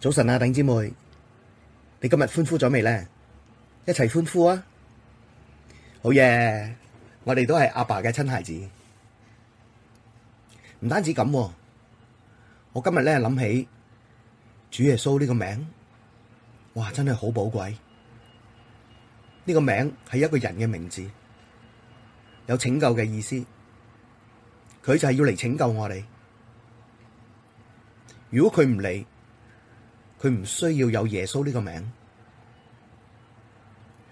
早晨啊，鄧姊妹，你今日歡呼咗未咧？一齊歡呼啊！好嘢， 我哋都係阿爸嘅親孩子。唔單止咁、啊，我今日咧諗起主耶穌呢個名，哇，真係好寶貴。呢、這個名係一個人嘅名字，有拯救嘅意思。佢就係要嚟拯救我哋。如果佢唔嚟，佢唔需要有耶穌呢個名，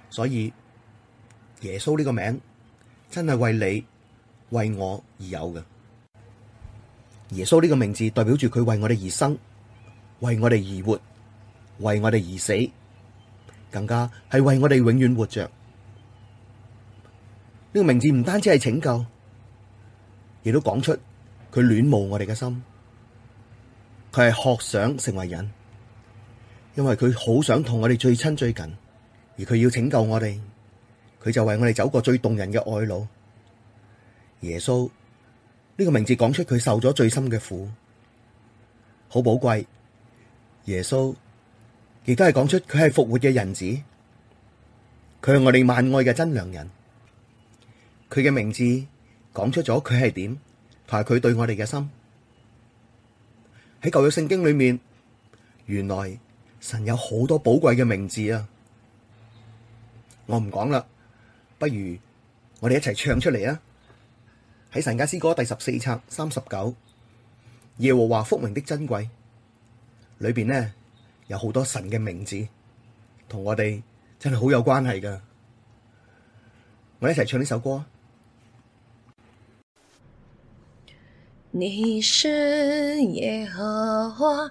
所以耶穌呢個名真係為你、為我而有嘅。耶穌呢個名字代表住佢為我哋而生，為我哋而活，為我哋而死，更加係為我哋永遠活着。呢、這個名字唔單止係拯救，亦都講出佢戀慕我哋嘅心，佢係渴想成為人。因為佢好想同我哋最親最近，而佢要拯救我哋，佢就為我哋走過最動人嘅愛路。耶穌呢個名字講出佢受咗最深嘅苦，好寶貴。耶穌亦都係講出佢係復活嘅人子，佢係我哋萬愛嘅真良人。佢嘅名字講出咗佢係點，同埋佢對我哋嘅心喺舊約聖經裏面，原來。神有好多寶貴嘅名字啊，我唔講啦，不如我哋一齊唱出嚟啊！喺《神家詩歌》第十四冊三十九，《耶和華複名的珍貴》裏邊呢，有好多神嘅名字，同我哋真係好有關係噶。我哋一齊唱呢首歌。你是耶和華。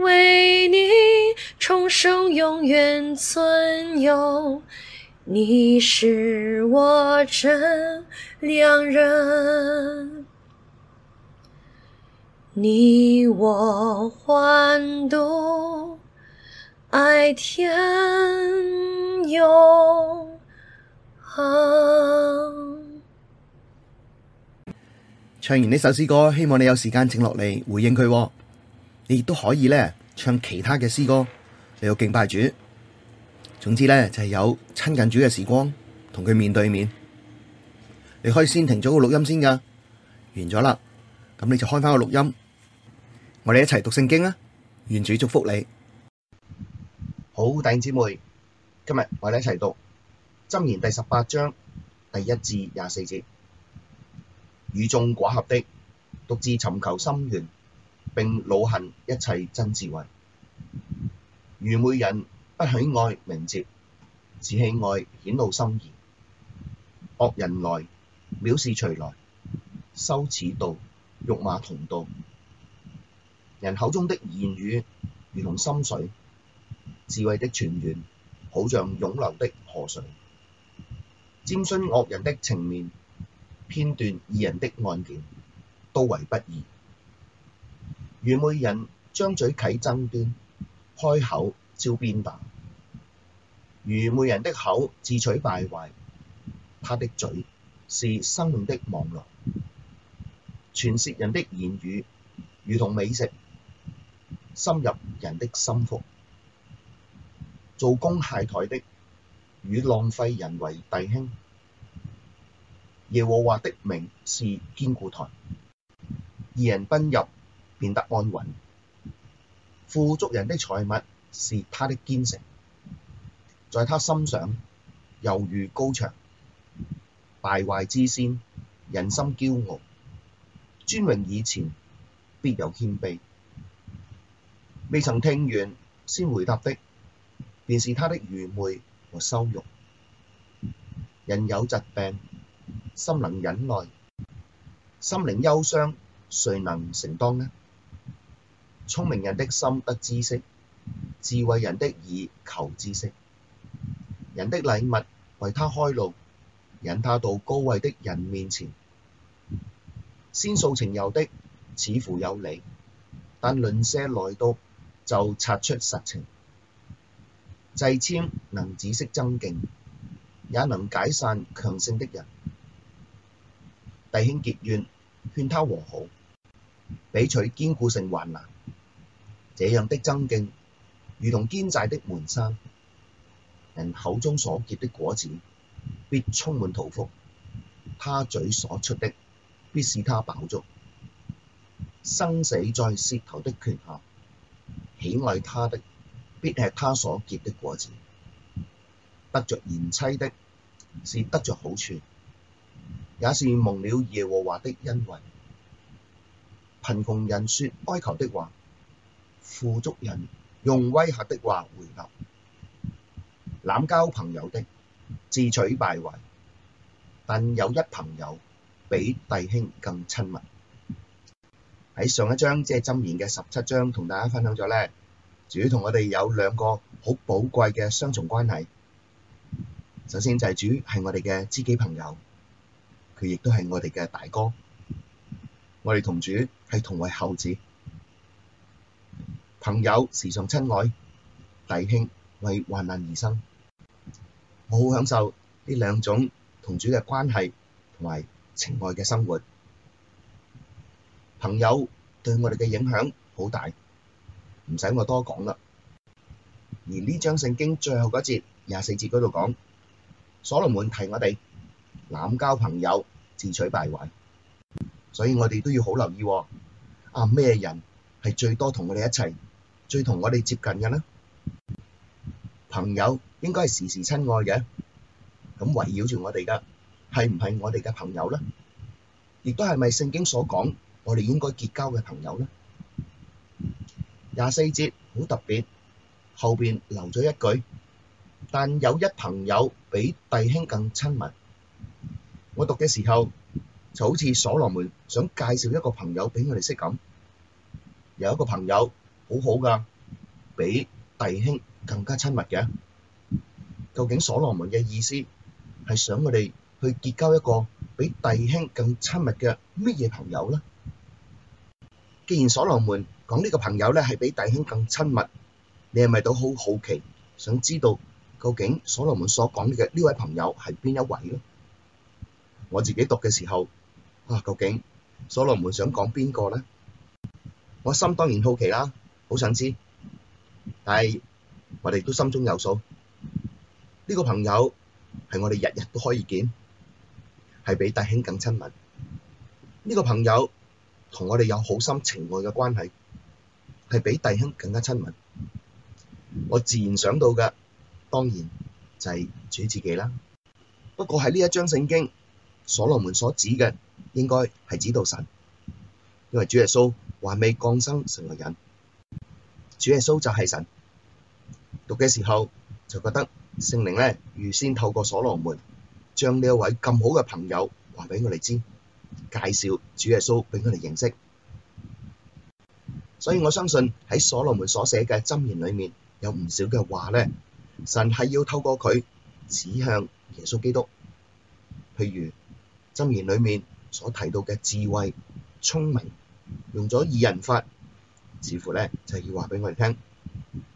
為你重生，永遠存有，你是我真良人，你我歡度愛甜永恆。唱完呢首詩歌，希望你有時間，請落嚟回應佢喎。你亦都可以咧唱其他嘅詩歌，你又敬拜主，總之咧就係有親近主嘅時光，同佢面對面。你可以先停咗個錄音先噶，完咗啦，咁你就開翻個錄音，我哋一齊讀聖經啊！願主祝福你，好弟兄姐妹，今日我哋一齊讀箴言第十八章第一至廿四節，與眾寡合的，獨自尋求心願。並惱恨一切真智慧。愚昧人不喜愛明哲，只喜愛顯露心意。惡人來，藐視隨來，羞恥到，辱罵同到。人口中的言語，如同深水；智慧的泉源，好像湧流的河水。瞻徇惡人的情面，偏斷義人的案件，都為不善。愚昧人張嘴啟爭端，開口招鞭打。愚昧人的口自取敗壞，他的嘴是生命的網羅。傳舌人的言語如同美食，深入人的心腹。做工懈怠的，與浪費人為弟兄，耶和華的名是堅固台，義人奔入，便得安穩，富足人的財物是他的堅城，在他心上猶如高牆。敗壞之先，人心驕傲，尊榮以前必有謙卑。未曾聽完先回答的，便是他的愚昧和羞辱。人有疾病，心能忍耐；心靈憂傷，誰能承當呢？聰明人的心得知識，智慧人的耳求知識。人的禮物為他開路，引他到高位的人面前。先訴情由的似乎有理，但鄰舍來到就察出實情。掣籤能止息爭競，也能解散強勝的人。弟兄結怨，勸他和好，比取堅固城還難。這樣的爭競，如同堅寨的門閂。人口中所結的果子，必充滿肚腹。他嘴所出的，必使他飽足。生死在舌頭的權下，喜愛他的，必吃他所結的果子。得着賢妻的，是得着好處，也是蒙了耶和華的恩惠。貧窮人説哀求的話。富足人用威嚇的話回答，濫交朋友的自取敗壞。但有一朋友比弟兄更親密。喺上一章即係箴言嘅十七章，同大家分享咗呢主同我哋有兩個好寶貴嘅雙重關係。首先就係主係我哋嘅知己朋友，佢亦都係我哋嘅大哥。我哋同主係同為後子。朋友時常親愛，弟兄為患難而生，我好享受呢兩種同主嘅關係同埋情愛嘅生活。朋友對我哋嘅影響好大，唔使我多講啦。而呢章聖經最後嗰節廿四節嗰度講，所羅門提我哋濫交朋友自取敗壞，所以我哋都要好留意。啊咩人係最多同我哋一齊？最同我哋接近嘅呢，朋友應該係時時親愛嘅，咁圍繞住我哋嘅係唔係我哋嘅朋友呢？亦都係咪聖經所講我哋應該結交嘅朋友呢？廿四節好特別，後邊留咗一句，但有一朋友比弟兄更親密。我讀嘅時候就好似所羅門想介紹一個朋友俾我哋識咁，有一個朋友。好好噶，比弟兄更加親密嘅。究竟所羅門嘅意思係想我哋去結交一個比弟兄更親密嘅乜嘢朋友咧？既然所羅門講呢個朋友咧係比弟兄更親密，你係咪都好好奇想知道究竟所羅門所講嘅呢位朋友係邊一位咧？我自己讀嘅時候啊，究竟所羅門想講邊個咧？我心當然好奇啦～好想知，但係我哋都心中有數。呢、這個朋友係我哋日日都可以見，係比弟兄更親密。呢、這個朋友同我哋有好心情愛嘅關係，係比弟兄更加親密。我自然想到嘅，當然就係主自己啦。不過喺呢一章聖經，所羅門所指嘅，應該係指到神，因為主耶穌還未降生成為人。主耶穌就係神，讀嘅時候就覺得聖靈咧預先透過所羅門，將呢位咁好嘅朋友話畀我哋知，介紹主耶穌畀我哋認識。所以我相信喺所羅門所寫嘅箴言裏面有唔少嘅話咧，神係要透過佢指向耶穌基督。譬如箴言裏面所提到嘅智慧、聰明，用咗擬人法。似乎咧就要話畀我哋聽，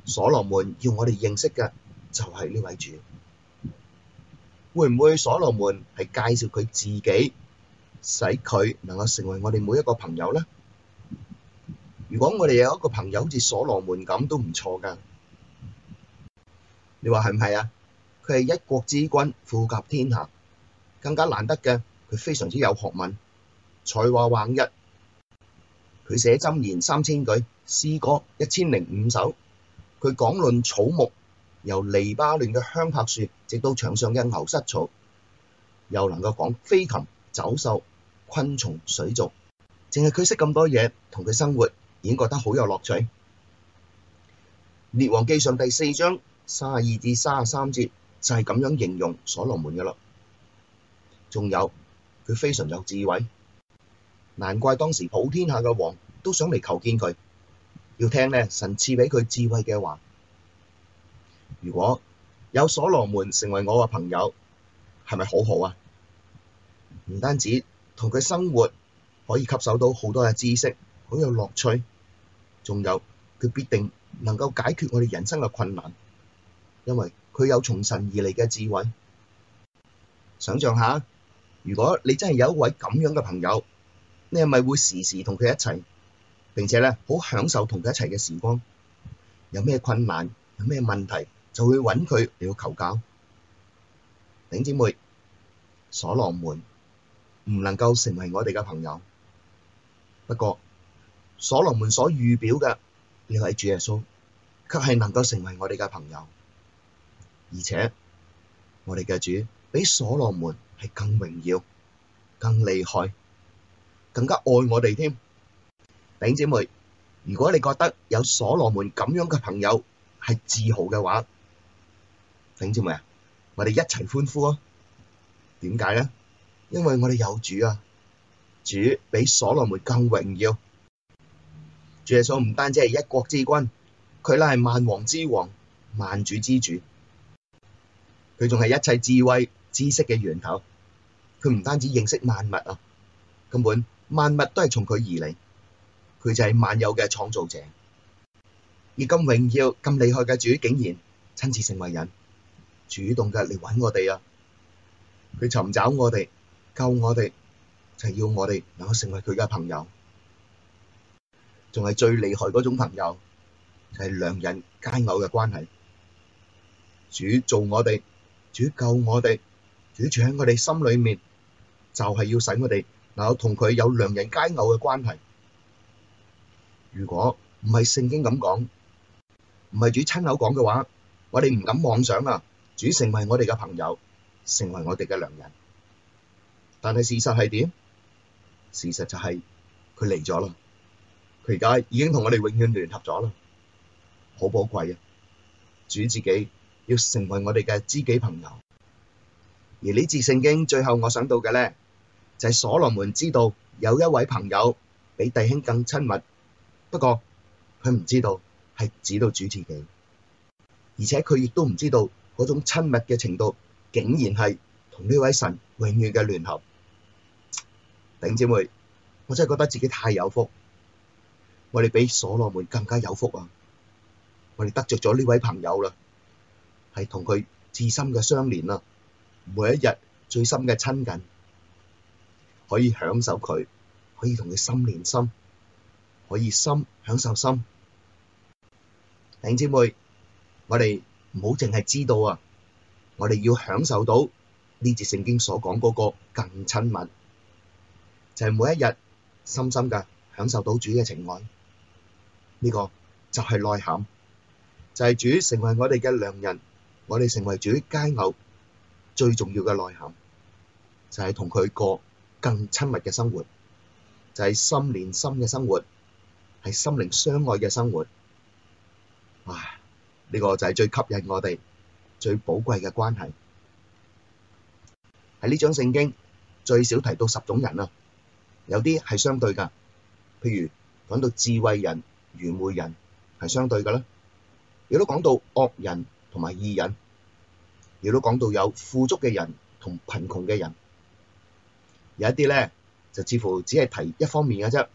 所羅門要我哋認識嘅就係呢位主，會唔會所羅門係介紹佢自己，使佢能夠成為我哋每一個朋友咧？如果我哋有一個朋友好似所羅門咁都唔錯噶，你話係唔係啊？佢係一國之君，富甲天下，更加難得嘅佢非常之有學問，才華橫溢。佢寫箴言三千句。詩歌一千零五首，佢講論草木，由利巴嫩嘅香柏樹，直到牆上嘅牛膝草，又能夠講飛禽走獸、昆蟲水族，淨係佢識咁多嘢，同佢生活已經覺得好有樂趣。列王記上第四章三十二至三十三節就係、是、咁樣形容所羅門嘅啦。仲有佢非常有智慧，難怪當時普天下嘅王都想嚟求見佢。要聽咧，神賜畀佢智慧嘅話。如果有所羅門成為我嘅朋友，係咪好好啊？唔單止同佢生活可以吸收到好多嘅知識，好有樂趣，仲有佢必定能夠解決我哋人生嘅困難，因為佢有從神而嚟嘅智慧。想像下，如果你真係有一位咁樣嘅朋友，你係咪會時時同佢一齊？並且咧，好享受同佢一齊嘅時光。有咩困難，有咩問題，就會揾佢嚟，求教。弟兄姊妹，所羅門唔能夠成為我哋嘅朋友。不過，所羅門所預表嘅，係主耶穌，卻係能夠成為我哋嘅朋友。而且，我哋嘅主比所羅門係更榮耀、更厲害、更加愛我哋添。頂姐妹，如果你覺得有所羅門咁樣嘅朋友係自豪嘅話，頂姐妹啊，我哋一齊歡呼啊！點解咧？因為我哋有主啊！主比所羅門更榮耀。主耶穌唔單止係一國之君，佢咧係萬王之王、萬主之主。佢仲係一切智慧知識嘅源頭。佢唔單止認識萬物啊，根本萬物都係從佢而嚟。佢就係萬有嘅創造者，而咁榮耀、咁厲害嘅主竟然親自成為人，主動嘅嚟揾我哋啊！佢尋找我哋、救我哋，就係要我哋能夠成為佢嘅朋友，仲係最厲害嗰種朋友，就係良人佳偶嘅關係。主做我哋，主救我哋，主住喺我哋心裏面，就係要使我哋能夠同佢有良人佳偶嘅關係。如果唔係聖經咁講，唔係主親口講嘅話，我哋唔敢妄想啊！主成為我哋嘅朋友，成為我哋嘅良人。但係事實係點？事實就係佢嚟咗啦，佢而家已經同我哋永遠聯合咗啦，好寶貴啊！主自己要成為我哋嘅知己朋友。而呢節聖經最後我想到嘅咧，就係所羅門知道有一位朋友比弟兄更親密。不過佢唔知道係指到主自己，而且佢亦都唔知道嗰種親密嘅程度，竟然係同呢位神永遠嘅聯合。頂姐妹，我真係覺得自己太有福，我哋比所羅門更加有福啊！我哋得着咗呢位朋友啦，係同佢至深嘅相連啦，每一日最深嘅親近，可以享受佢，可以同佢心連心。可以心享受心，弟兄姊妹，我哋唔好淨係知道啊！我哋要享受到呢節聖經所講嗰個更親密，就係每一日深深嘅享受到主嘅情愛。呢個就係內涵，就係主成為我哋嘅良人，我哋成為主佳偶。最重要嘅內涵就係同佢過更親密嘅生活，就係心連心嘅生活。係心靈相愛嘅生活，哇！呢、這個就係最吸引我哋，最寶貴嘅關係。喺呢章聖經最少提到十種人啊，有啲係相對噶，譬如講到智慧人、愚昧人係相對噶啦，亦都講到惡人同埋義人，亦都講到有富足嘅人同貧窮嘅人，有一啲咧就似乎只係提一方面嘅啫，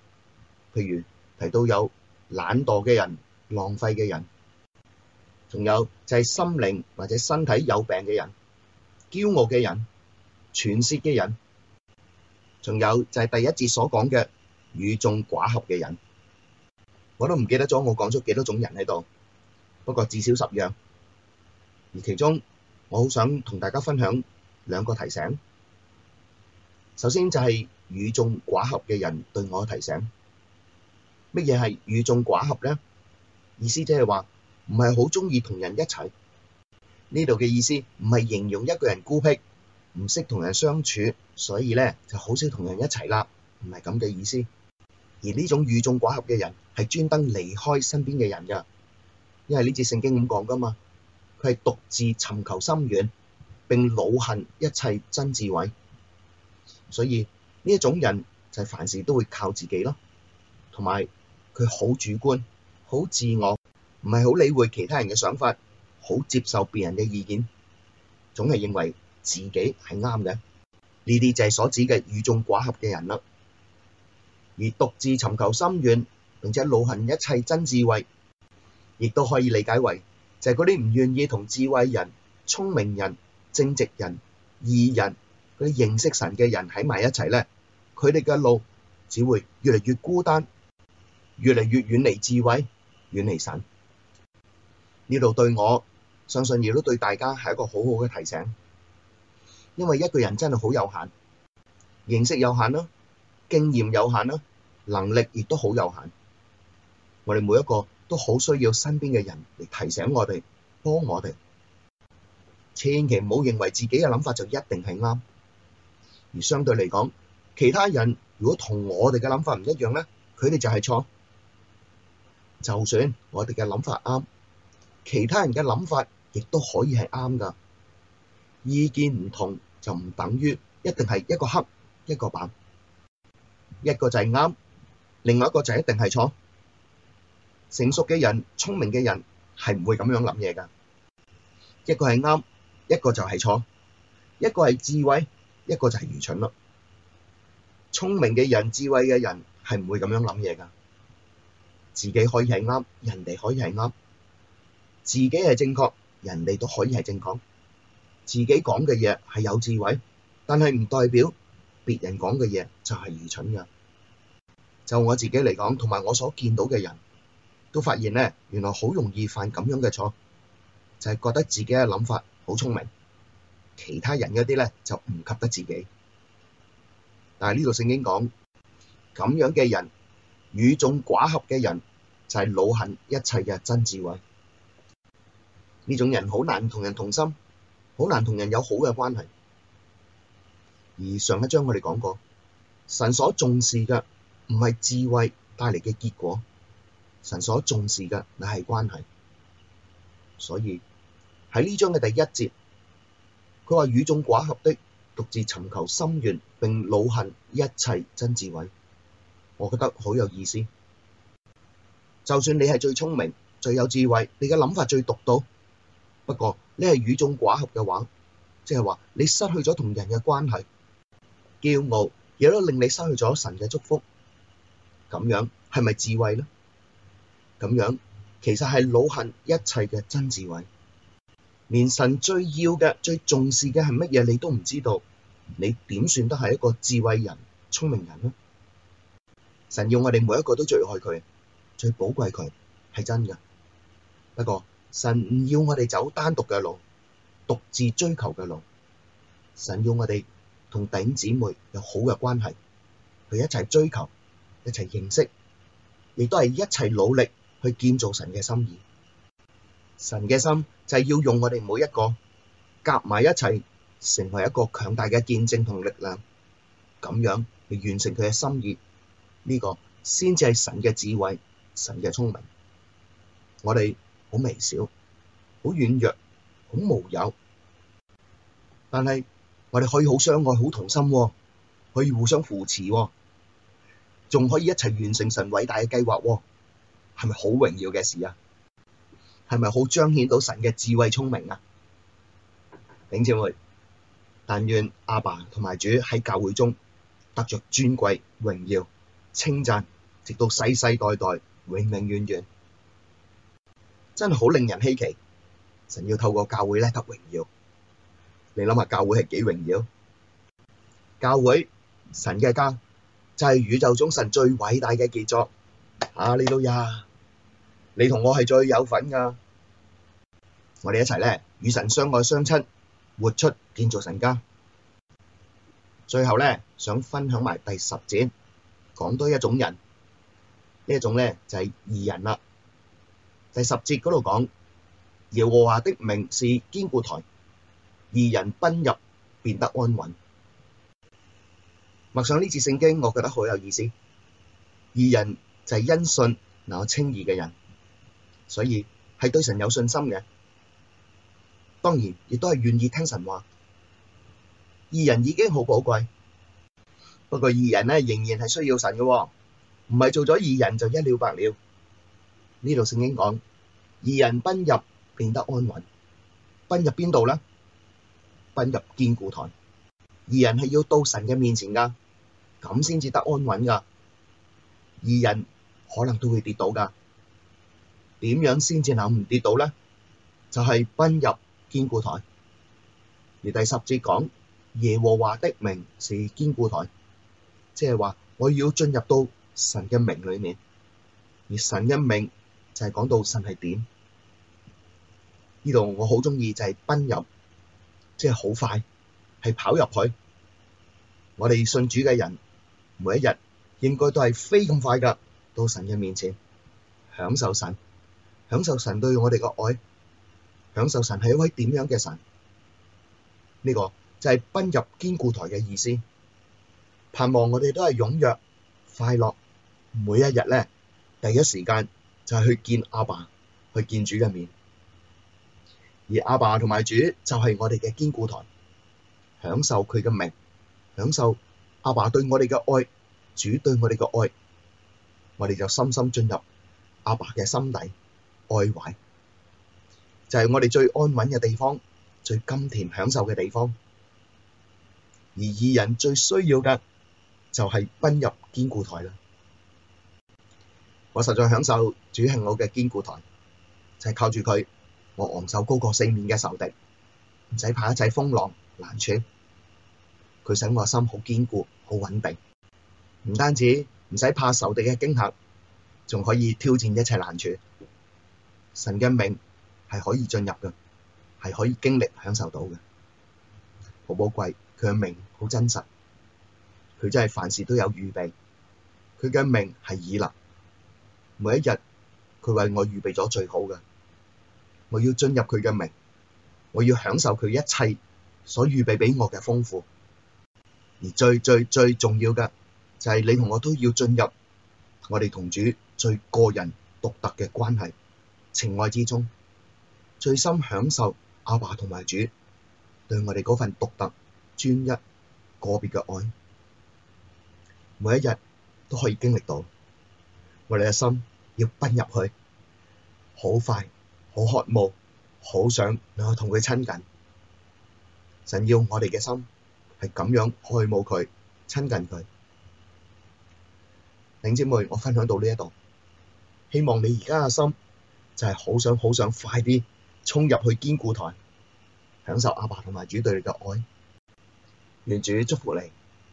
譬如，提到有懶惰嘅人、浪費嘅人，仲有就係心靈或者身體有病嘅人、驕傲嘅人、傳舌嘅人，仲有就係第一節所講嘅與眾寡合嘅人，我都唔記得咗我講咗幾多種人喺度，不過至少十樣。而其中我好想同大家分享兩個提醒。首先就係與眾寡合嘅人對我嘅提醒。乜嘢係與眾寡合咧？意思即係話唔係好鍾意同人一齊。呢度嘅意思唔係形容一個人孤僻，唔識同人相處，所以咧就好少同人一齊啦。唔係咁嘅意思。而呢種與眾寡合嘅人係專登離開身邊嘅人噶，因為呢節聖經咁講噶嘛。佢係獨自尋求心願，並惱恨一切真智慧。所以呢一種人就係凡事都會靠自己咯，同埋。佢好主觀，好自我，唔係好理會其他人嘅想法，好接受別人嘅意見，總係認為自己係啱嘅。呢啲就係所指嘅與眾寡合嘅人啦。而獨自尋求心願，並且路行一切真智慧，亦都可以理解為就係嗰啲唔願意同智慧人、聰明人、正直人、義人、佢哋認識神嘅人喺埋一齊咧，佢哋嘅路只會越嚟越孤單。越嚟越遠離智慧，遠離神。呢度對我，相信亦都對大家係一個好好嘅提醒。因為一個人真係好有限，認識有限啦，經驗有限啦，能力亦都好有限。我哋每一個都好需要身邊嘅人嚟提醒我哋，幫我哋。千祈唔好認為自己嘅諗法就一定係啱，而相對嚟講，其他人如果同我哋嘅諗法唔一樣咧，佢哋就係錯。就算我哋嘅諗法啱，其他人嘅諗法亦都可以係啱㗎。意見唔同就唔等於一定係一個黑一個白，一個就係啱，另外一個就一定係錯。成熟嘅人、聰明嘅人係唔會咁樣諗嘢㗎。一個係啱，一個就係錯，一個係智慧，一個就係愚蠢咯。聰明嘅人、智慧嘅人係唔會咁樣諗嘢㗎。自己可以係啱，人哋可以係啱，自己係正確，人哋都可以係正確。自己講嘅嘢係有智慧，但係唔代表別人講嘅嘢就係愚蠢嘅。就我自己嚟講，同埋我所見到嘅人，都發現呢，原來好容易犯咁樣嘅錯，就係覺得自己嘅諗法好聰明，其他人嗰啲呢就唔及得自己。但係呢度聖經講，咁樣嘅人，與眾寡合嘅人。就係惱恨一切嘅真智慧，呢種人好難同人同心，好難同人有好嘅關係。而上一章我哋講過，神所重視嘅唔係智慧帶嚟嘅結果，神所重視嘅乃係關係。所以喺呢章嘅第一節，佢話，與眾寡合的，獨自尋求心願，並惱恨一切真智慧，我覺得好有意思。就算你係最聰明、最有智慧，你嘅諗法最獨到，不過你係與眾寡合嘅話，即係話你失去咗同人嘅關係，驕傲，亦都令你失去咗神嘅祝福。咁樣係咪智慧呢？咁樣其實係惱恨一切嘅真智慧。連神最要嘅、最重視嘅係乜嘢，你都唔知道，你點算得係一個智慧人、聰明人呢？神要我哋每一個都最愛佢。最寶貴佢係真嘅，不過神唔要我哋走單獨嘅路，獨自追求嘅路。神要我哋同弟兄姊妹有好嘅關係，去一齊追求，一齊認識，亦都係一齊努力去建造神嘅心意。神嘅心就係要用我哋每一個夾埋一齊，成為一個強大嘅見證同力量，咁樣去完成佢嘅心意。呢個先至係神嘅智慧。神嘅聰明，我哋好微小，好軟弱，好無有，但係我哋可以好相愛，好同心，可以互相扶持，仲可以一齊完成神偉大嘅計劃，係咪好榮耀嘅事啊？係咪好彰顯到神嘅智慧聰明啊？頂姐妹，但願阿爸同埋主喺教會中得着尊貴、榮耀、稱讚，直到世世代代。永永遠遠真係好令人稀奇，神要透過教會咧得榮耀。你諗下教會係幾榮耀？教會神嘅家就係宇宙中神最偉大嘅傑作。啊，呢度呀，你同我係最有份噶。我哋一齊咧與神相愛相親，活出建造神家。最後咧想分享埋第十節，講多一種人。呢一種咧就係、是、義人啦。第十節嗰度講，耶和華的名是堅固台，義人奔入便得安穩。默想呢次聖經，我覺得好有意思。義人就係因信嗱稱義嘅人，所以係對神有信心嘅。當然，亦都係願意聽神話。義人已經好寶貴，不過義人呢，仍然係需要神嘅、哦。唔係做咗義人就一了百了。呢度聖經講義人奔入便得安穩，奔入邊度呢？奔入堅固台。義人係要到神嘅面前噶咁先至得安穩噶義人可能都會跌倒噶點樣先至能唔跌倒呢？就係奔入堅固台。而第十節講耶和華的名是堅固台，即係話我要進入到。神嘅名裏面，而神嘅名就係講到神係點？呢度我好鍾意就係奔入，即係好快，係跑入去。我哋信主嘅人，每一日應該都係飛咁快噶到神嘅面前，享受神，享受神對我哋嘅愛，享受神係一位點樣嘅神？呢個就係奔入堅固臺嘅意思，盼望我哋都係踴躍快樂。每一日咧，第一時間就係去見阿爸，去見主嘅面。而阿爸同埋主就係我哋嘅堅固臺，享受佢嘅名，享受阿爸對我哋嘅愛，主對我哋嘅愛，我哋就深深進入阿爸嘅心底愛懷，就係我哋最安穩嘅地方，最甘甜享受嘅地方。而義人最需要嘅就係奔入堅固臺啦。我實在享受主係我嘅堅固台，就係靠住佢，我昂首高過四面嘅仇敵，唔使怕一切風浪難處。佢使我心好堅固、好穩定。唔單止唔使怕仇敵嘅驚嚇，仲可以挑戰一切難處。神嘅名係可以進入嘅，係可以經歷享受到嘅。好寶貴，佢嘅名好真實，佢真係凡事都有預備。佢嘅名係以勒。每一日，佢為我預備咗最好嘅，我要進入佢嘅名，我要享受佢一切所預備俾我嘅豐富。而最最最重要嘅就係你同我都要進入我哋同主最個人獨特嘅關係情愛之中，最深享受阿爸同埋主對我哋嗰份獨特、專一、個別嘅愛，每一日都可以經歷到我哋嘅心。要奔入去，好快，好渴望，好想我同佢親近。想要我哋嘅心係咁樣去慕佢、親近佢。靈姐妹，我分享到呢一度，希望你而家嘅心就係、是、好想、好想快啲衝入去堅固台，享受阿爸同埋主對你嘅愛。願主祝福你。